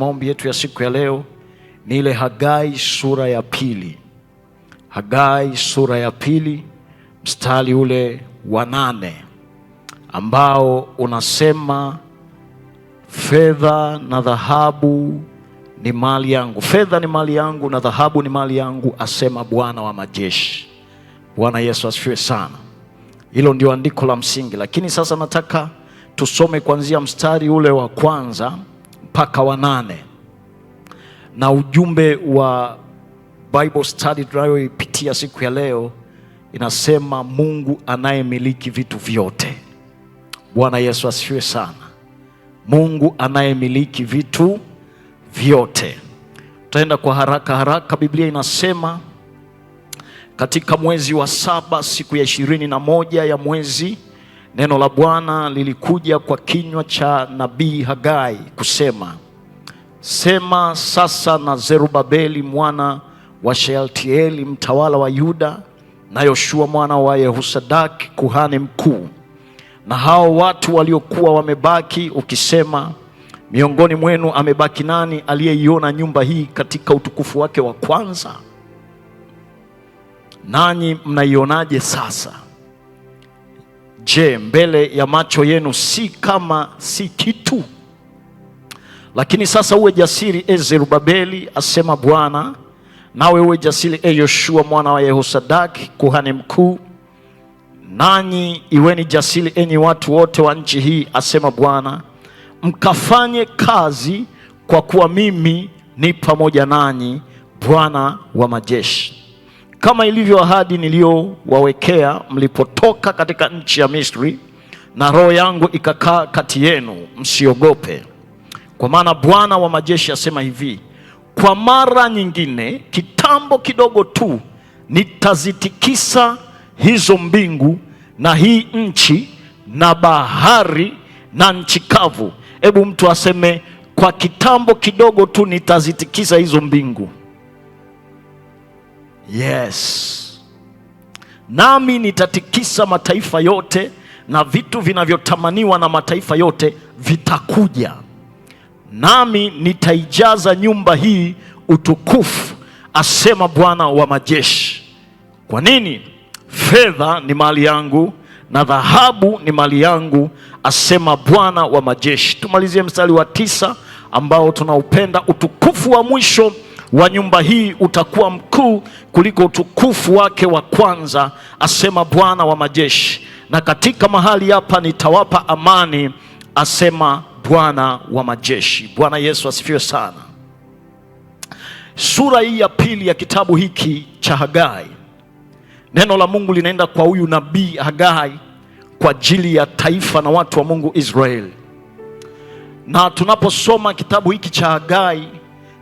Maombi yetu ya siku ya leo ni ile Hagai sura ya pili, Hagai sura ya pili mstari ule wa nane ambao unasema fedha na dhahabu ni mali yangu, fedha ni mali yangu na dhahabu ni mali yangu, asema Bwana wa majeshi. Bwana Yesu asifiwe sana. Hilo ndio andiko la msingi, lakini sasa nataka tusome kuanzia mstari ule wa kwanza mpaka nane na ujumbe wa Bible study tunayoipitia siku ya leo inasema Mungu anayemiliki vitu vyote. Bwana Yesu asifiwe sana. Mungu anayemiliki vitu vyote. Tutaenda kwa haraka haraka. Biblia inasema katika mwezi wa saba siku ya ishirini na moja ya mwezi Neno la Bwana lilikuja kwa kinywa cha nabii Hagai kusema, sema sasa na Zerubabeli mwana wa Shealtieli mtawala wa Yuda na Yoshua mwana wa Yehusadak kuhani mkuu na hao watu waliokuwa wamebaki, ukisema, miongoni mwenu amebaki nani aliyeiona nyumba hii katika utukufu wake wa kwanza? Nanyi mnaionaje sasa? Je, mbele ya macho yenu si kama si kitu? Lakini sasa uwe jasiri, e Zerubabeli, asema Bwana, nawe uwe jasiri, e Yoshua mwana wa Yehosadaki kuhani mkuu, nanyi iweni jasiri, enyi watu wote wa nchi hii, asema Bwana, mkafanye kazi, kwa kuwa mimi ni pamoja nanyi, Bwana wa majeshi kama ilivyo ahadi niliyowawekea mlipotoka katika nchi ya Misri, na roho yangu ikakaa kati yenu, msiogope. Kwa maana Bwana wa majeshi asema hivi, kwa mara nyingine kitambo kidogo tu nitazitikisa hizo mbingu na hii nchi na bahari na nchi kavu. Hebu mtu aseme, kwa kitambo kidogo tu nitazitikisa hizo mbingu Yes, nami nitatikisa mataifa yote na vitu vinavyotamaniwa na mataifa yote vitakuja, nami nitaijaza nyumba hii utukufu, asema Bwana wa majeshi. Kwa nini? Fedha ni mali yangu na dhahabu ni mali yangu, asema Bwana wa majeshi. Tumalizie mstari wa tisa ambao tunaupenda, utukufu wa mwisho wa nyumba hii utakuwa mkuu kuliko utukufu wake wa kwanza, asema Bwana wa majeshi, na katika mahali hapa nitawapa amani, asema Bwana wa majeshi. Bwana Yesu asifiwe sana. Sura hii ya pili ya kitabu hiki cha Hagai, neno la Mungu linaenda kwa huyu nabii Hagai kwa ajili ya taifa na watu wa Mungu Israeli, na tunaposoma kitabu hiki cha Hagai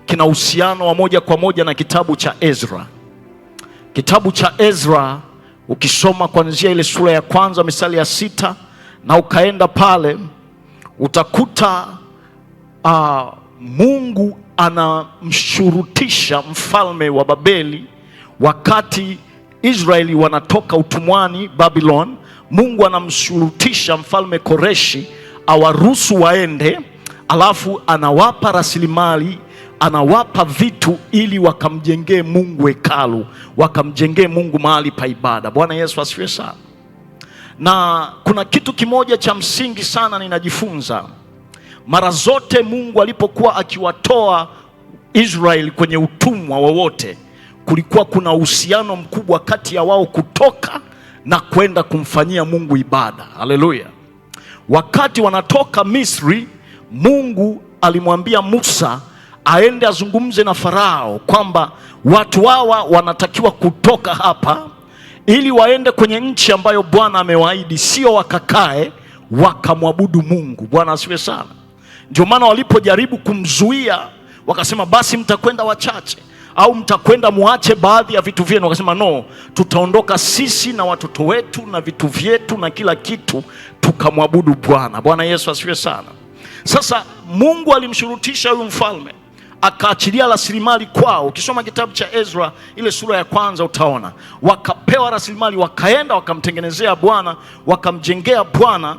kina uhusiano wa moja kwa moja na kitabu cha Ezra. Kitabu cha Ezra ukisoma kuanzia ile sura ya kwanza misali ya sita na ukaenda pale utakuta uh, Mungu anamshurutisha mfalme wa Babeli wakati Israeli wanatoka utumwani Babylon. Mungu anamshurutisha mfalme Koreshi awaruhusu waende, alafu anawapa rasilimali anawapa vitu ili wakamjengee Mungu hekalu, wakamjengee Mungu mahali pa ibada. Bwana Yesu asifiwe sana. Na kuna kitu kimoja cha msingi sana ninajifunza mara zote, Mungu alipokuwa akiwatoa Israeli kwenye utumwa wowote, kulikuwa kuna uhusiano mkubwa kati ya wao kutoka na kwenda kumfanyia Mungu ibada. Haleluya! Wakati wanatoka Misri, Mungu alimwambia Musa aende azungumze na Farao kwamba watu hawa wanatakiwa kutoka hapa ili waende kwenye nchi ambayo Bwana amewaahidi, sio wakakae wakamwabudu Mungu. Bwana asiwe sana. Ndio maana walipojaribu kumzuia wakasema, basi mtakwenda wachache au mtakwenda muache baadhi ya vitu vyenu. Wakasema no, tutaondoka sisi na watoto wetu na vitu vyetu na kila kitu tukamwabudu Bwana. Bwana Yesu asiwe sana. Sasa Mungu alimshurutisha huyu mfalme akaachilia rasilimali kwao. Ukisoma kitabu cha Ezra ile sura ya kwanza utaona wakapewa rasilimali, wakaenda wakamtengenezea Bwana, wakamjengea Bwana,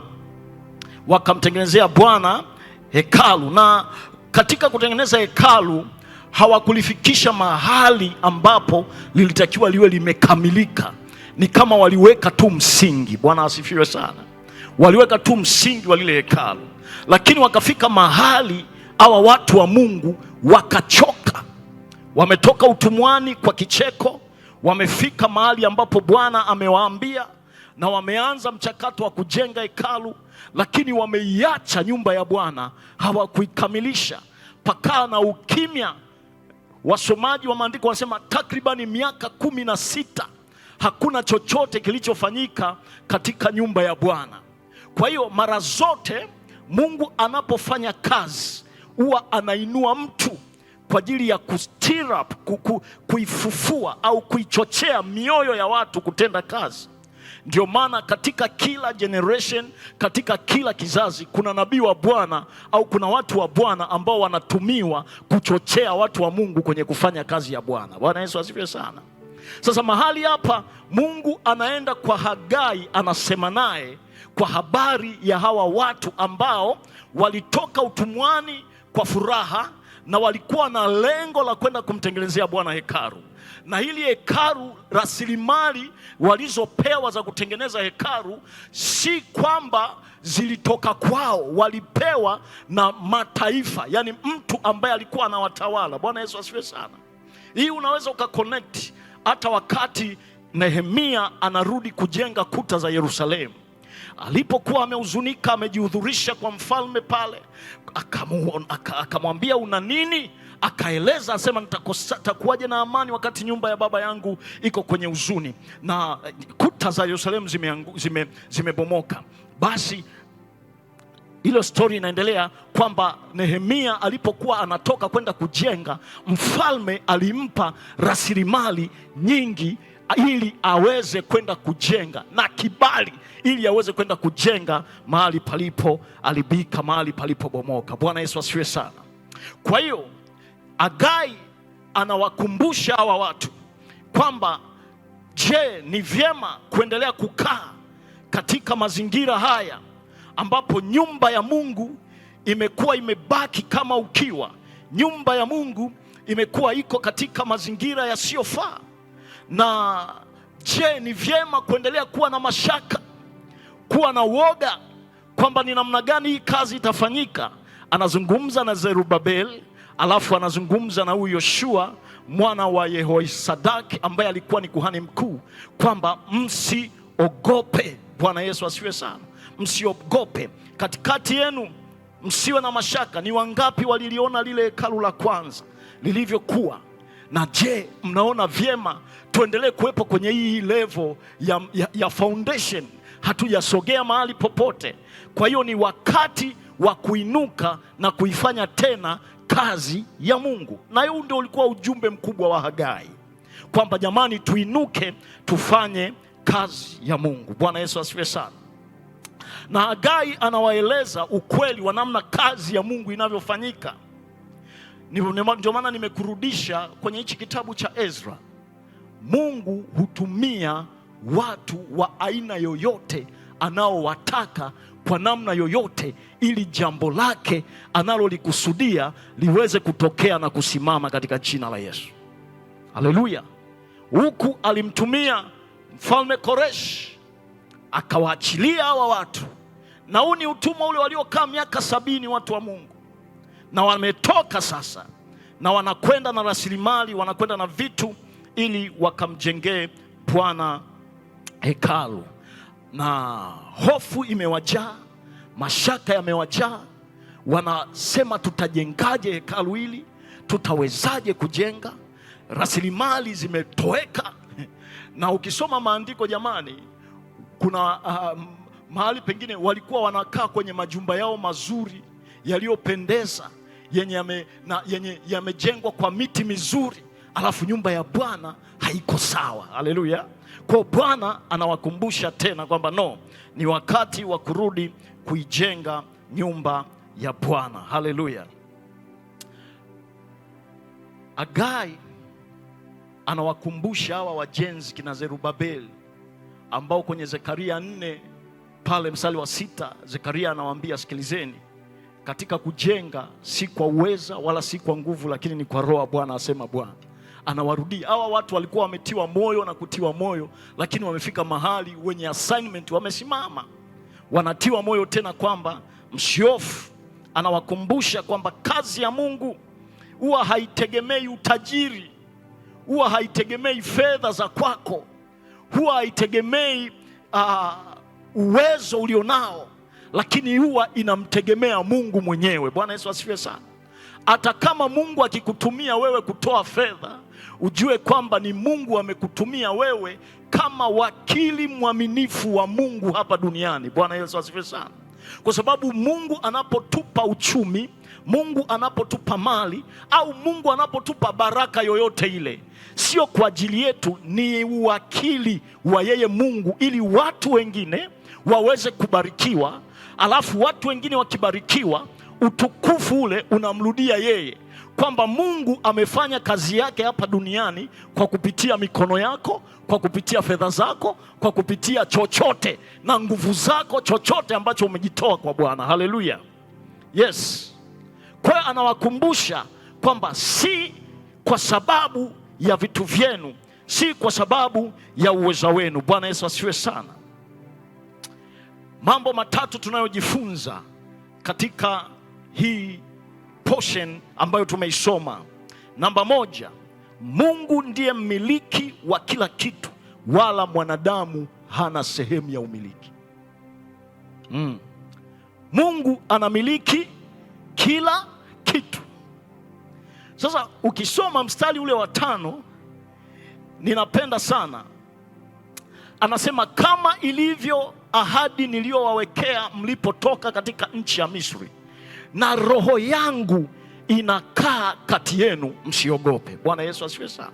wakamtengenezea Bwana hekalu. Na katika kutengeneza hekalu hawakulifikisha mahali ambapo lilitakiwa liwe limekamilika. Ni kama waliweka tu msingi. Bwana asifiwe sana. Waliweka tu msingi wa lile hekalu, lakini wakafika mahali hawa watu wa Mungu wakachoka, wametoka utumwani kwa kicheko, wamefika mahali ambapo Bwana amewaambia na wameanza mchakato wa kujenga hekalu, lakini wameiacha nyumba ya Bwana, hawakuikamilisha. Pakaa na ukimya. Wasomaji wa maandiko wanasema takribani miaka kumi na sita hakuna chochote kilichofanyika katika nyumba ya Bwana. Kwa hiyo mara zote Mungu anapofanya kazi huwa anainua mtu kwa ajili ya ku up kuku, kuifufua au kuichochea mioyo ya watu kutenda kazi. Ndio maana katika kila generation, katika kila kizazi kuna nabii wa Bwana au kuna watu wa Bwana ambao wanatumiwa kuchochea watu wa Mungu kwenye kufanya kazi ya Bwana. Bwana Yesu asifiwe sana. Sasa mahali hapa Mungu anaenda kwa Hagai, anasema naye kwa habari ya hawa watu ambao walitoka utumwani kwa furaha na walikuwa na lengo la kwenda kumtengenezea Bwana hekaru, na hili hekaru, rasilimali walizopewa za kutengeneza hekaru si kwamba zilitoka kwao, walipewa na mataifa, yaani mtu ambaye alikuwa anawatawala. Bwana Yesu asifiwe sana. Hii unaweza ukakonekti hata wakati Nehemia anarudi kujenga kuta za Yerusalemu alipokuwa amehuzunika, amejihudhurisha kwa mfalme pale, akamwambia una nini? Akaeleza asema, nitakuwaje na amani wakati nyumba ya baba yangu iko kwenye huzuni na kuta za Yerusalemu zimebomoka zime, zime basi hilo stori inaendelea kwamba Nehemia alipokuwa anatoka kwenda kujenga, mfalme alimpa rasilimali nyingi ili aweze kwenda kujenga na kibali ili aweze kwenda kujenga mahali palipo alibika, mahali palipobomoka. Bwana Yesu asifiwe sana. Kwa hiyo agai anawakumbusha hawa watu kwamba je, ni vyema kuendelea kukaa katika mazingira haya ambapo nyumba ya Mungu imekuwa imebaki kama ukiwa, nyumba ya Mungu imekuwa iko katika mazingira yasiyofaa, na je, ni vyema kuendelea kuwa na mashaka kuwa na uoga kwamba ni namna gani hii kazi itafanyika. Anazungumza na Zerubabel, alafu anazungumza na huyu Yoshua mwana wa Yehoisadak ambaye alikuwa ni kuhani mkuu, kwamba msiogope. Bwana Yesu asiwe sana, msiogope, katikati yenu msiwe na mashaka. Ni wangapi waliliona lile hekalu la kwanza lilivyokuwa? Na je, mnaona vyema tuendelee kuwepo kwenye hii level ya, ya, ya foundation hatujasogea mahali popote. Kwa hiyo ni wakati wa kuinuka na kuifanya tena kazi ya Mungu, na huu ndio ulikuwa ujumbe mkubwa wa Hagai kwamba jamani, tuinuke tufanye kazi ya Mungu. Bwana Yesu asifiwe sana. Na Hagai anawaeleza ukweli wa namna kazi ya Mungu inavyofanyika. Ndio maana nimekurudisha kwenye hichi kitabu cha Ezra. Mungu hutumia watu wa aina yoyote anaowataka kwa namna yoyote, ili jambo lake analolikusudia liweze kutokea na kusimama katika jina la Yesu. Haleluya! Huku alimtumia mfalme Koreshi, akawaachilia hawa watu, na huu ni utumwa ule waliokaa miaka sabini watu wa Mungu, na wametoka sasa na wanakwenda na rasilimali, wanakwenda na vitu ili wakamjengee Bwana hekalu, na hofu imewajaa, mashaka yamewajaa. Wanasema, tutajengaje hekalu hili? Tutawezaje kujenga? Rasilimali zimetoweka. Na ukisoma maandiko jamani, kuna uh, mahali pengine walikuwa wanakaa kwenye majumba yao mazuri yaliyopendeza yenye yamejengwa kwa miti mizuri alafu nyumba ya Bwana haiko sawa. Haleluya! Kwa Bwana anawakumbusha tena kwamba no, ni wakati wa kurudi kuijenga nyumba ya Bwana. Haleluya! Agai anawakumbusha hawa wajenzi kina Zerubabeli ambao kwenye Zekaria nne pale mstari wa sita Zekaria anawaambia sikilizeni, katika kujenga si kwa uweza wala si kwa nguvu, lakini ni kwa Roho ya Bwana, asema Bwana anawarudia hawa watu. Walikuwa wametiwa moyo na kutiwa moyo, lakini wamefika mahali wenye assignment wamesimama, wanatiwa moyo tena kwamba msiofu. Anawakumbusha kwamba kazi ya Mungu huwa haitegemei utajiri, huwa haitegemei fedha za kwako, huwa haitegemei uh, uwezo ulionao, lakini huwa inamtegemea Mungu mwenyewe. Bwana Yesu asifiwe sana. Hata kama Mungu akikutumia wewe kutoa fedha, ujue kwamba ni Mungu amekutumia wewe kama wakili mwaminifu wa Mungu hapa duniani. Bwana Yesu asifiwe sana. Kwa sababu Mungu anapotupa uchumi, Mungu anapotupa mali au Mungu anapotupa baraka yoyote ile, sio kwa ajili yetu, ni uwakili wa yeye Mungu ili watu wengine waweze kubarikiwa, alafu watu wengine wakibarikiwa, utukufu ule unamrudia yeye kwamba Mungu amefanya kazi yake hapa duniani kwa kupitia mikono yako, kwa kupitia fedha zako, kwa kupitia chochote na nguvu zako, chochote ambacho umejitoa kwa Bwana. Haleluya, yes. Kwa hiyo anawakumbusha kwamba si kwa sababu ya vitu vyenu, si kwa sababu ya uweza wenu. Bwana Yesu asifiwe sana. Mambo matatu tunayojifunza katika hii portion ambayo tumeisoma. Namba moja, Mungu ndiye mmiliki wa kila kitu, wala mwanadamu hana sehemu ya umiliki. Mm. Mungu anamiliki kila kitu. Sasa ukisoma mstari ule wa tano, ninapenda sana anasema, kama ilivyo ahadi niliyowawekea mlipotoka katika nchi ya Misri, na roho yangu inakaa kati yenu, msiogope. Bwana Yesu asifiwe sana.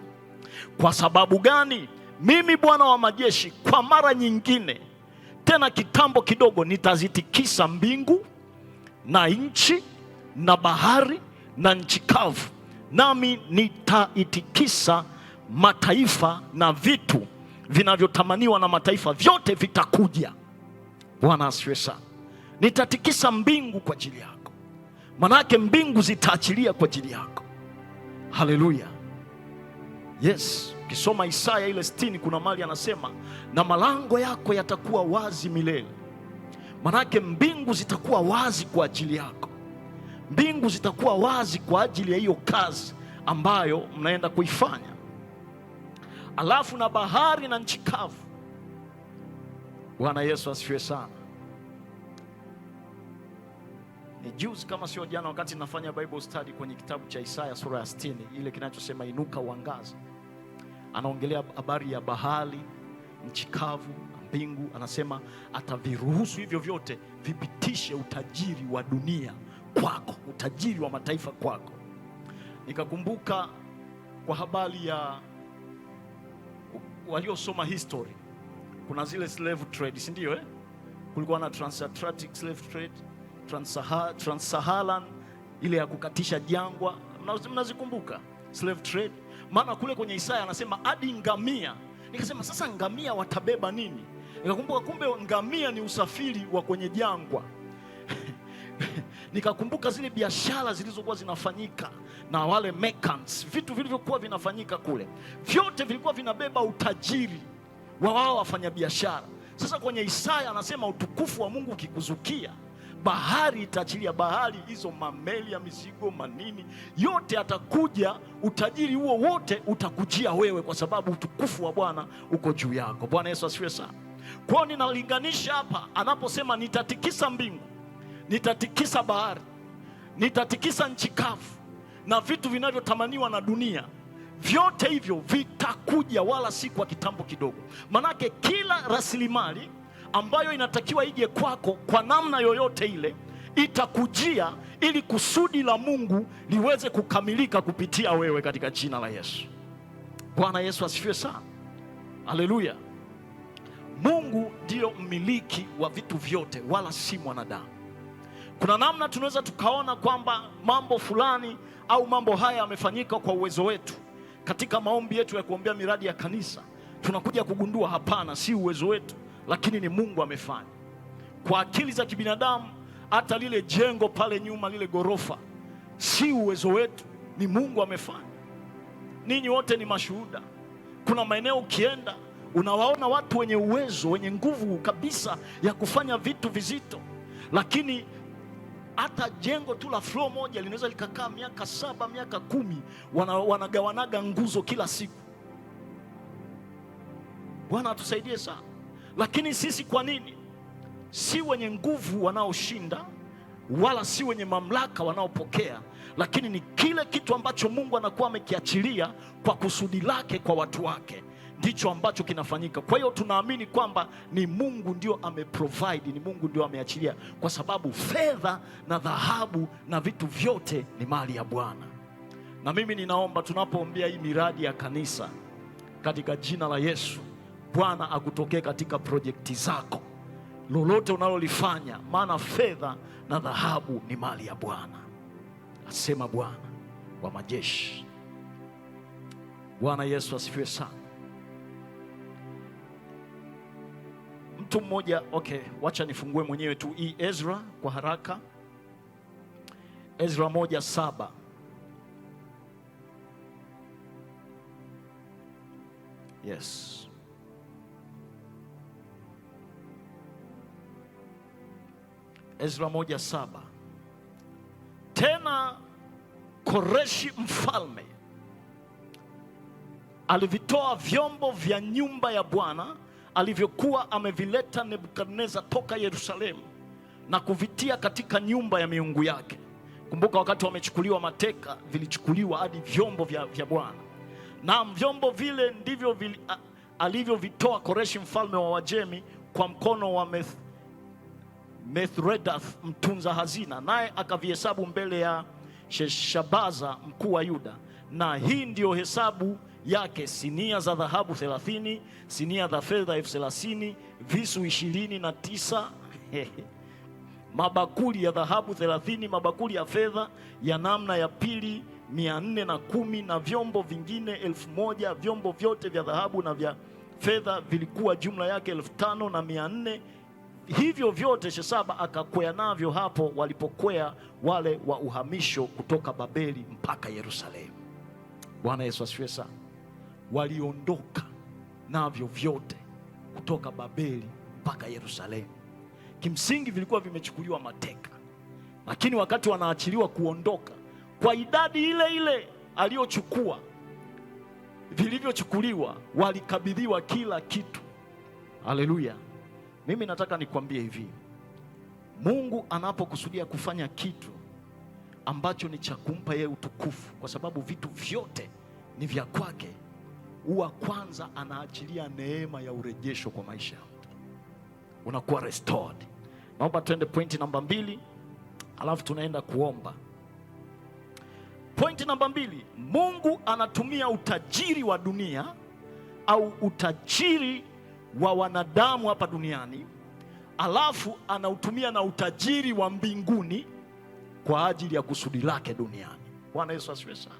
Kwa sababu gani? Mimi Bwana wa majeshi kwa mara nyingine tena kitambo kidogo nitazitikisa mbingu na nchi na bahari na nchi kavu, nami nitaitikisa mataifa na vitu vinavyotamaniwa na mataifa vyote vitakuja. Bwana asifiwe sana. Nitatikisa mbingu kwa ajili yako manake mbingu zitaachilia kwa ajili yako. Haleluya, yes. Ukisoma Isaya ile sitini kuna mali anasema, na malango yako yatakuwa wazi milele. Manake mbingu zitakuwa wazi kwa ajili yako, mbingu zitakuwa wazi kwa ajili ya hiyo kazi ambayo mnaenda kuifanya. Alafu na bahari na nchi kavu. Bwana Yesu asifiwe sana. Eh, juzi kama sio jana, wakati nafanya Bible study kwenye kitabu cha Isaya sura ya 60 ile kinachosema inuka uangaze, anaongelea habari ya bahari, nchi kavu, mbingu. Anasema ataviruhusu hivyo vyote vipitishe utajiri wa dunia kwako, utajiri wa mataifa kwako. Nikakumbuka kwa habari ya waliosoma history, kuna zile slave trade, si ndio eh? kulikuwa na transatlantic slave trade Transsaharan, ile ya kukatisha jangwa, mnazikumbuka slave trade. Maana kule kwenye Isaya anasema hadi ngamia. Nikasema sasa ngamia watabeba nini? Nikakumbuka kumbe ngamia ni usafiri wa kwenye jangwa nikakumbuka zile biashara zilizokuwa zinafanyika na wale merchants, vitu vilivyokuwa vinafanyika kule, vyote vilikuwa vinabeba utajiri wa wao wafanyabiashara. Sasa kwenye Isaya anasema utukufu wa Mungu ukikuzukia bahari itaachilia, bahari hizo, mameli ya mizigo, manini yote atakuja, utajiri huo wote utakujia wewe, kwa sababu utukufu wa Bwana uko juu yako. Bwana Yesu asifiwe sana. Kwao ninalinganisha hapa, anaposema nitatikisa mbingu, nitatikisa bahari, nitatikisa nchi kavu na vitu vinavyotamaniwa na dunia vyote hivyo vitakuja, wala si kwa kitambo kidogo. Manake kila rasilimali ambayo inatakiwa ije kwako kwa namna yoyote ile itakujia ili kusudi la Mungu liweze kukamilika kupitia wewe katika jina la Yesu. Bwana Yesu asifiwe sana. Haleluya. Mungu ndiyo mmiliki wa vitu vyote wala si mwanadamu. Kuna namna tunaweza tukaona kwamba mambo fulani au mambo haya yamefanyika kwa uwezo wetu. Katika maombi yetu ya kuombea miradi ya kanisa, tunakuja kugundua hapana, si uwezo wetu lakini ni Mungu amefanya. Kwa akili za kibinadamu, hata lile jengo pale nyuma, lile ghorofa, si uwezo wetu, ni Mungu amefanya. Ninyi wote ni mashuhuda. Kuna maeneo ukienda unawaona watu wenye uwezo, wenye nguvu kabisa ya kufanya vitu vizito, lakini hata jengo tu la floor moja linaweza likakaa miaka saba, miaka kumi, wanagawanaga wana nguzo kila siku. Bwana atusaidie sana. Lakini sisi kwa nini? Si wenye nguvu wanaoshinda, wala si wenye mamlaka wanaopokea, lakini ni kile kitu ambacho Mungu anakuwa amekiachilia kwa kusudi lake kwa watu wake ndicho ambacho kinafanyika. Kwa hiyo tunaamini kwamba ni Mungu ndio ameprovide, ni Mungu ndio ameachilia, kwa sababu fedha na dhahabu na vitu vyote ni mali ya Bwana. Na mimi ninaomba tunapoombea hii miradi ya kanisa katika jina la Yesu Bwana akutokee katika projekti zako, lolote unalolifanya, maana fedha na dhahabu ni mali ya Bwana, asema Bwana wa majeshi. Bwana Yesu asifiwe sana. Mtu mmoja okay, wacha nifungue mwenyewe tu hii Ezra kwa haraka. Ezra moja saba yes Ezra moja saba. Tena Koreshi mfalme alivitoa vyombo vya nyumba ya Bwana alivyokuwa amevileta Nebukadneza toka Yerusalemu na kuvitia katika nyumba ya miungu yake. Kumbuka wakati wamechukuliwa mateka, vilichukuliwa hadi vyombo vya, vya Bwana. Naam, vyombo vile ndivyo vili, alivyovitoa Koreshi mfalme wa Wajemi kwa mkono wa Mithredath mtunza hazina, naye akavihesabu mbele ya Sheshabaza mkuu wa Yuda, na hii ndiyo hesabu yake: sinia za dhahabu 30, sinia za fedha elfu thelathini, visu ishirini na tisa mabakuli ya dhahabu 30, mabakuli ya fedha ya namna ya pili 410, na vyombo vingine elfu moja. Vyombo vyote vya dhahabu na vya fedha vilikuwa jumla yake elfu tano na mia nne hivyo vyote Shesaba akakwea navyo hapo walipokwea wale wa uhamisho kutoka Babeli mpaka Yerusalemu. Bwana Yesu asifiwe sana. Waliondoka navyo vyote kutoka Babeli mpaka Yerusalemu. Kimsingi vilikuwa vimechukuliwa mateka, lakini wakati wanaachiliwa kuondoka, kwa idadi ile ile aliyochukua, vilivyochukuliwa, walikabidhiwa kila kitu. Haleluya! Mimi nataka nikwambie hivi, Mungu anapokusudia kufanya kitu ambacho ni cha kumpa yeye utukufu, kwa sababu vitu vyote ni vya kwake, huwa kwanza anaachilia neema ya urejesho kwa maisha ya mtu, unakuwa restored. Naomba tuende pointi namba mbili, alafu tunaenda kuomba. Pointi namba mbili, Mungu anatumia utajiri wa dunia au utajiri wa wanadamu hapa duniani, alafu anautumia na utajiri wa mbinguni kwa ajili ya kusudi lake duniani. Bwana Yesu asifiwe sana.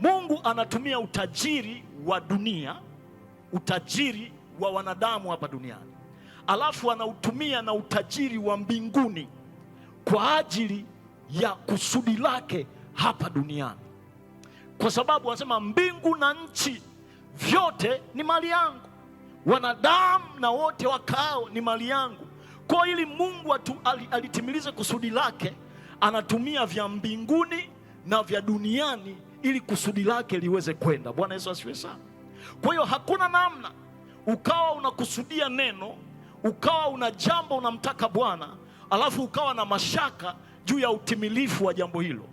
Mungu anatumia utajiri wa dunia, utajiri wa wanadamu hapa duniani, alafu anautumia na utajiri wa mbinguni kwa ajili ya kusudi lake hapa duniani, kwa sababu anasema mbingu na nchi vyote ni mali yangu wanadamu na wote wakao ni mali yangu. Kwa ili Mungu atu, alitimilize kusudi lake, anatumia vya mbinguni na vya duniani ili kusudi lake liweze kwenda. Bwana Yesu asifiwe sana. Kwa hiyo hakuna namna ukawa unakusudia neno, ukawa una jambo unamtaka Bwana, alafu ukawa na mashaka juu ya utimilifu wa jambo hilo.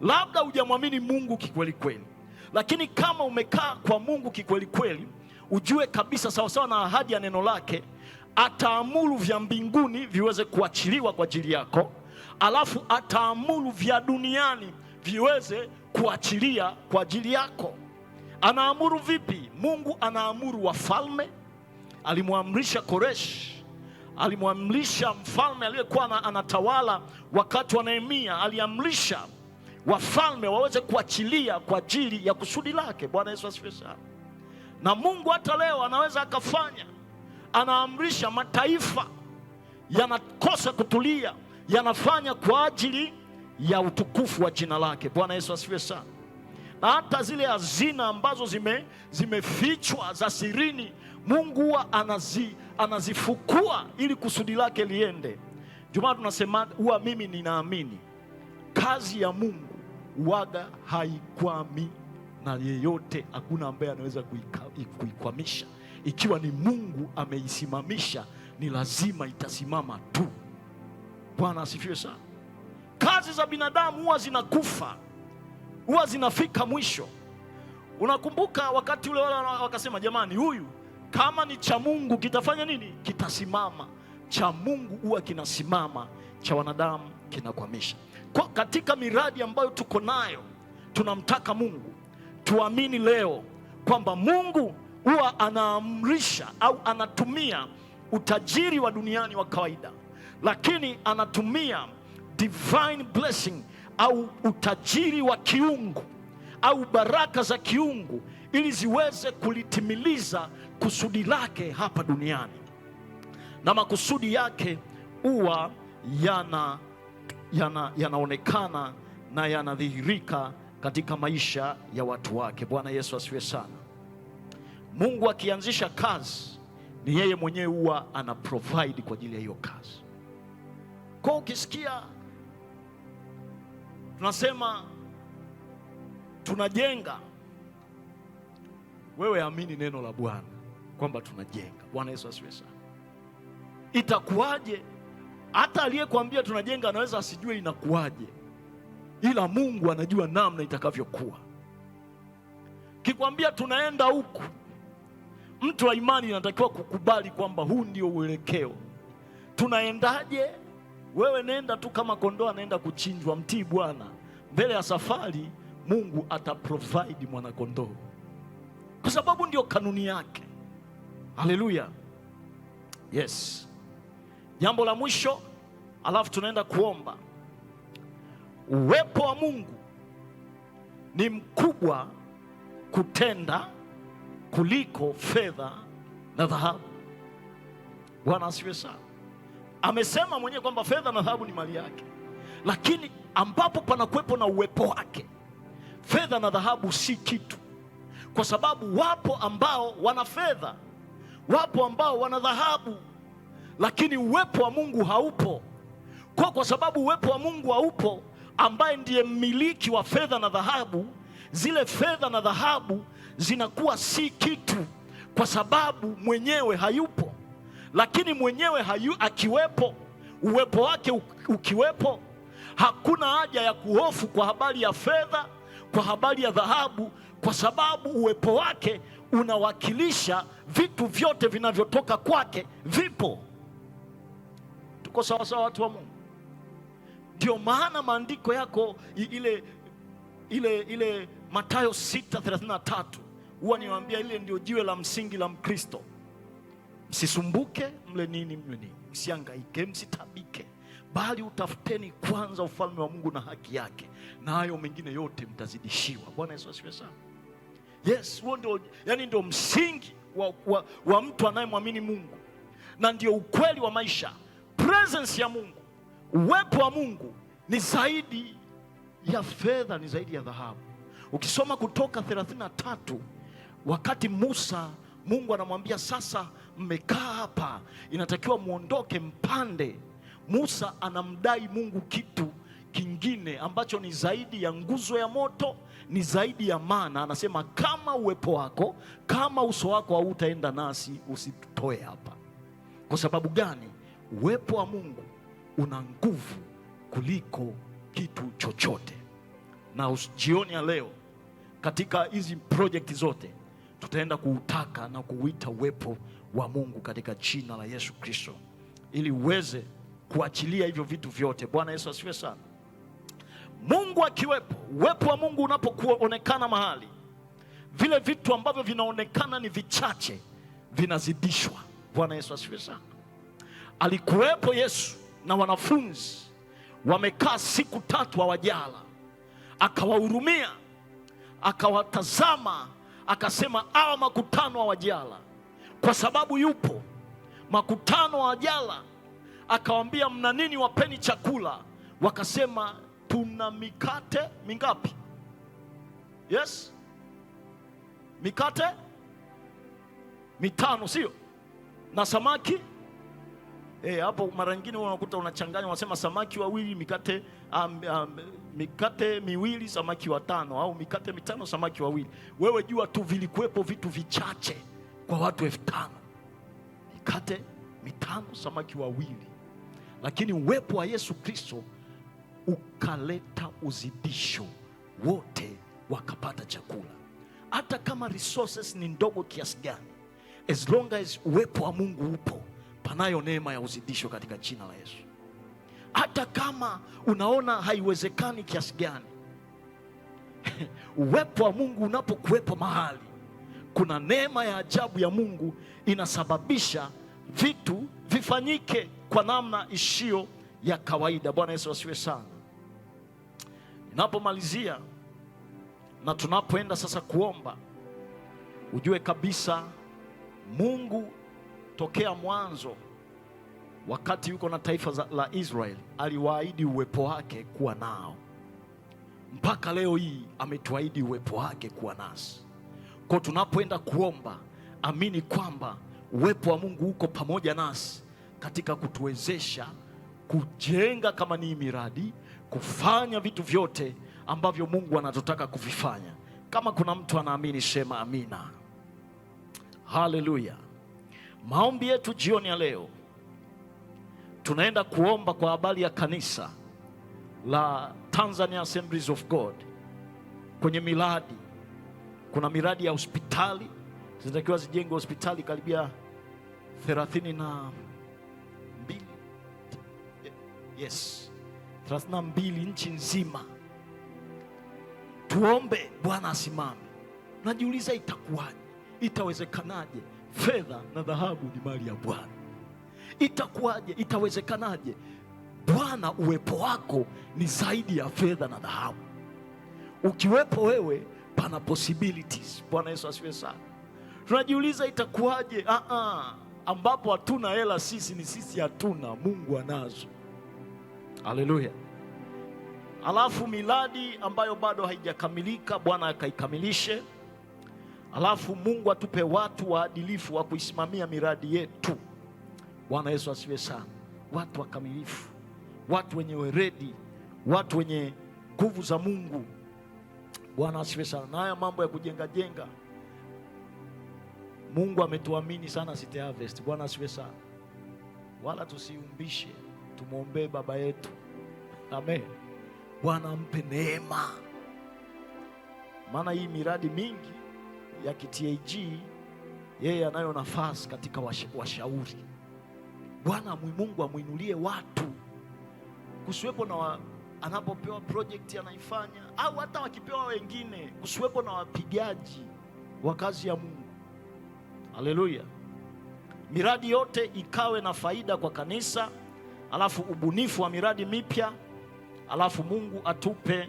Labda hujamwamini Mungu kikweli kweli, lakini kama umekaa kwa Mungu kikweli kweli ujue kabisa sawasawa na ahadi ya neno lake ataamuru vya mbinguni viweze kuachiliwa kwa ajili yako, alafu ataamuru vya duniani viweze kuachilia kwa ajili yako. Anaamuru vipi? Mungu anaamuru wafalme, alimwamrisha Koresh, alimwamrisha mfalme aliyekuwa anatawala wakati wa Nehemia, aliamrisha wafalme waweze kuachilia kwa ajili ya kusudi lake. Bwana Yesu asifiwe sana. Na Mungu hata leo anaweza akafanya, anaamrisha mataifa yanakosa kutulia, yanafanya kwa ajili ya utukufu wa jina lake. Bwana Yesu asifiwe sana. Na hata zile hazina ambazo zime zimefichwa za sirini, Mungu huwa anazi, anazifukua ili kusudi lake liende. Jumaa tunasema huwa, mimi ninaamini kazi ya Mungu waga haikwami na yeyote, hakuna ambaye anaweza kuikwamisha. Ikiwa ni Mungu ameisimamisha, ni lazima itasimama tu. Bwana asifiwe sana. Kazi za binadamu huwa zinakufa, huwa zinafika mwisho. Unakumbuka wakati ule wale wakasema, jamani, huyu kama ni cha Mungu kitafanya nini? Kitasimama. Cha Mungu huwa kinasimama, cha wanadamu kinakwamisha. Kwa katika miradi ambayo tuko nayo tunamtaka Mungu tuamini leo kwamba Mungu huwa anaamrisha au anatumia utajiri wa duniani wa kawaida, lakini anatumia divine blessing au utajiri wa kiungu au baraka za kiungu ili ziweze kulitimiliza kusudi lake hapa duniani, na makusudi yake huwa yana, yana, yanaonekana na yanadhihirika katika maisha ya watu wake. Bwana Yesu asifiwe sana. Mungu akianzisha kazi, ni yeye mwenyewe huwa ana provide kwa ajili ya hiyo kazi. Kwa ukisikia tunasema tunajenga, wewe amini neno la Bwana kwamba tunajenga. Bwana Yesu asifiwe sana. Itakuwaje? Hata aliyekuambia tunajenga anaweza asijue inakuwaje ila Mungu anajua namna itakavyokuwa. Kikwambia tunaenda huku, mtu wa imani anatakiwa kukubali kwamba huu ndio uelekeo. Tunaendaje? Wewe nenda tu kama kondoo anaenda kuchinjwa, mtii Bwana. Mbele ya safari, Mungu ataprovide mwanakondoo kwa sababu ndio kanuni yake. Haleluya, yes. Jambo la mwisho, alafu tunaenda kuomba. Uwepo wa Mungu ni mkubwa kutenda kuliko fedha na dhahabu. Bwana asifiwe sana. Amesema mwenyewe kwamba fedha na dhahabu ni mali yake, lakini ambapo panakuwepo na uwepo wake, fedha na dhahabu si kitu, kwa sababu wapo ambao wana fedha, wapo ambao wana dhahabu, lakini uwepo wa Mungu haupo. Kwa kwa sababu uwepo wa Mungu haupo ambaye ndiye mmiliki wa fedha na dhahabu, zile fedha na dhahabu zinakuwa si kitu, kwa sababu mwenyewe hayupo. Lakini mwenyewe hayu, akiwepo, uwepo wake ukiwepo, hakuna haja ya kuhofu kwa habari ya fedha, kwa habari ya dhahabu, kwa sababu uwepo wake unawakilisha vitu vyote vinavyotoka kwake, vipo. Tuko sawasawa, watu wa Mungu? Ndio maana maandiko yako ile ile ile Mathayo 6:33 huwa niwaambia ile ndio jiwe la msingi la Mkristo. Msisumbuke, mle nini, mle nini, msiangaike, msitabike, bali utafuteni kwanza ufalme wa Mungu na haki yake, na hayo mengine yote mtazidishiwa. Bwana Yesu asifiwe sana. Yes, huo ndio, yani ndio msingi wa, wa, wa mtu anayemwamini Mungu na ndio ukweli wa maisha, presence ya Mungu Uwepo wa Mungu ni zaidi ya fedha, ni zaidi ya dhahabu. Ukisoma Kutoka 33 wakati Musa Mungu anamwambia sasa, mmekaa hapa, inatakiwa muondoke, mpande. Musa anamdai Mungu kitu kingine ambacho ni zaidi ya nguzo ya moto, ni zaidi ya mana. Anasema kama uwepo wako, kama uso wako hautaenda nasi, usitutoe hapa. Kwa sababu gani? Uwepo wa Mungu una nguvu kuliko kitu chochote. Na jioni ya leo, katika hizi projekti zote tutaenda kuutaka na kuuita uwepo wa Mungu katika jina la Yesu Kristo, ili uweze kuachilia hivyo vitu vyote. Bwana Yesu asifiwe sana. Mungu akiwepo, uwepo wa Mungu unapokuonekana mahali, vile vitu ambavyo vinaonekana ni vichache vinazidishwa. Bwana Yesu asifiwe sana. Alikuwepo Yesu na wanafunzi wamekaa siku tatu hawajala, akawahurumia, akawatazama, akasema hawa makutano hawajala, kwa sababu yupo makutano hawajala. Akawaambia, mna nini? Wapeni chakula. Wakasema, tuna mikate mingapi? Yes, mikate mitano, sio na samaki eh, hapo mara nyingine unakuta unachanganya, unasema samaki wawili mikate um, um, mikate miwili samaki watano au mikate mitano samaki wawili. Wewe jua tu vilikuwepo vitu vichache kwa watu elfu tano mikate mitano samaki wawili, lakini uwepo wa Yesu Kristo ukaleta uzidisho, wote wakapata chakula, hata kama resources ni ndogo kiasi gani, as long as uwepo wa Mungu upo panayo neema ya uzidisho katika jina la Yesu. Hata kama unaona haiwezekani kiasi gani, uwepo wa Mungu unapokuwepo mahali, kuna neema ya ajabu ya Mungu inasababisha vitu vifanyike kwa namna isiyo ya kawaida. Bwana Yesu asiwe sana. Ninapomalizia na tunapoenda sasa kuomba, ujue kabisa Mungu tokea mwanzo, wakati yuko na taifa la Israeli, aliwaahidi uwepo wake kuwa nao. Mpaka leo hii ametuahidi uwepo wake kuwa nasi. Kwa tunapoenda kuomba, amini kwamba uwepo wa Mungu uko pamoja nasi katika kutuwezesha kujenga, kama ni miradi, kufanya vitu vyote ambavyo Mungu anatotaka kuvifanya. Kama kuna mtu anaamini, sema amina. Haleluya. Maombi yetu jioni ya leo, tunaenda kuomba kwa habari ya kanisa la Tanzania Assemblies of God kwenye miradi. Kuna miradi ya hospitali zinatakiwa zijengwe hospitali karibia thelathini na mbili yes, thelathini na mbili nchi nzima. Tuombe Bwana asimame. Najiuliza, itakuwaje? Itawezekanaje? fedha na dhahabu ni mali ya Bwana. Itakuwaje? Itawezekanaje? Bwana, uwepo wako ni zaidi ya fedha na dhahabu. Ukiwepo wewe, pana possibilities. Bwana Yesu asifiwe sana. Tunajiuliza itakuwaje? Ah ah, ambapo hatuna hela sisi, ni sisi hatuna, Mungu anazo. Haleluya. Alafu miradi ambayo bado haijakamilika Bwana akaikamilishe Alafu Mungu atupe watu waadilifu wa kuisimamia miradi yetu. Bwana Yesu asiwe sana, watu wakamilifu, watu wenye weredi, watu wenye nguvu za Mungu. Bwana asiwe sana. Na haya mambo ya kujenga jenga, Mungu ametuamini sana City Harvest. Bwana asiwe sana, wala tusiumbishe, tumwombee baba yetu. Amen. Bwana ampe neema, maana hii miradi mingi ya kitag, yeye anayo nafasi katika washauri. Bwana Mungu amwinulie watu kusiwepo na wa, anapopewa project anaifanya, au hata wakipewa wengine, kusiwepo na wapigaji wa kazi ya Mungu. Haleluya! miradi yote ikawe na faida kwa kanisa, alafu ubunifu wa miradi mipya, alafu Mungu atupe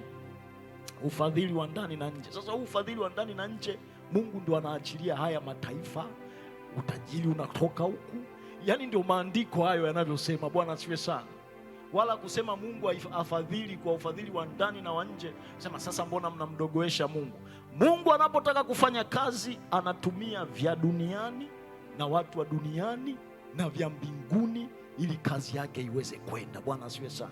ufadhili wa ndani na nje. Sasa huu ufadhili wa ndani na nje Mungu ndio anaachilia haya mataifa, utajiri unatoka huku. Yaani ndio maandiko hayo yanavyosema. Bwana asifiwe sana. Wala kusema Mungu afadhili kwa ufadhili wa ndani na wa nje, sema sasa, mbona mnamdogoesha Mungu? Mungu anapotaka kufanya kazi anatumia vya duniani na watu wa duniani na vya mbinguni ili kazi yake iweze kwenda. Bwana asiwe sana.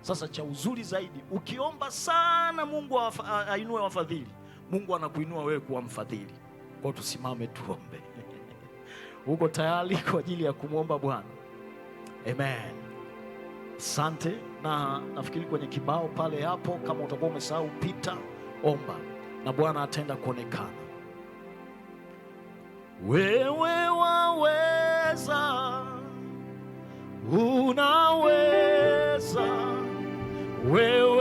Sasa cha uzuri zaidi, ukiomba sana Mungu ainue wafadhili Mungu anakuinua wewe kuwa mfadhili. Kwa tusimame tuombe. Uko tayari kwa ajili ya kumwomba Bwana? Amen. sante na nafikiri kwenye kibao pale hapo, kama utakuwa umesahau, pita omba, na Bwana ataenda kuonekana. Wewe waweza, unaweza wewe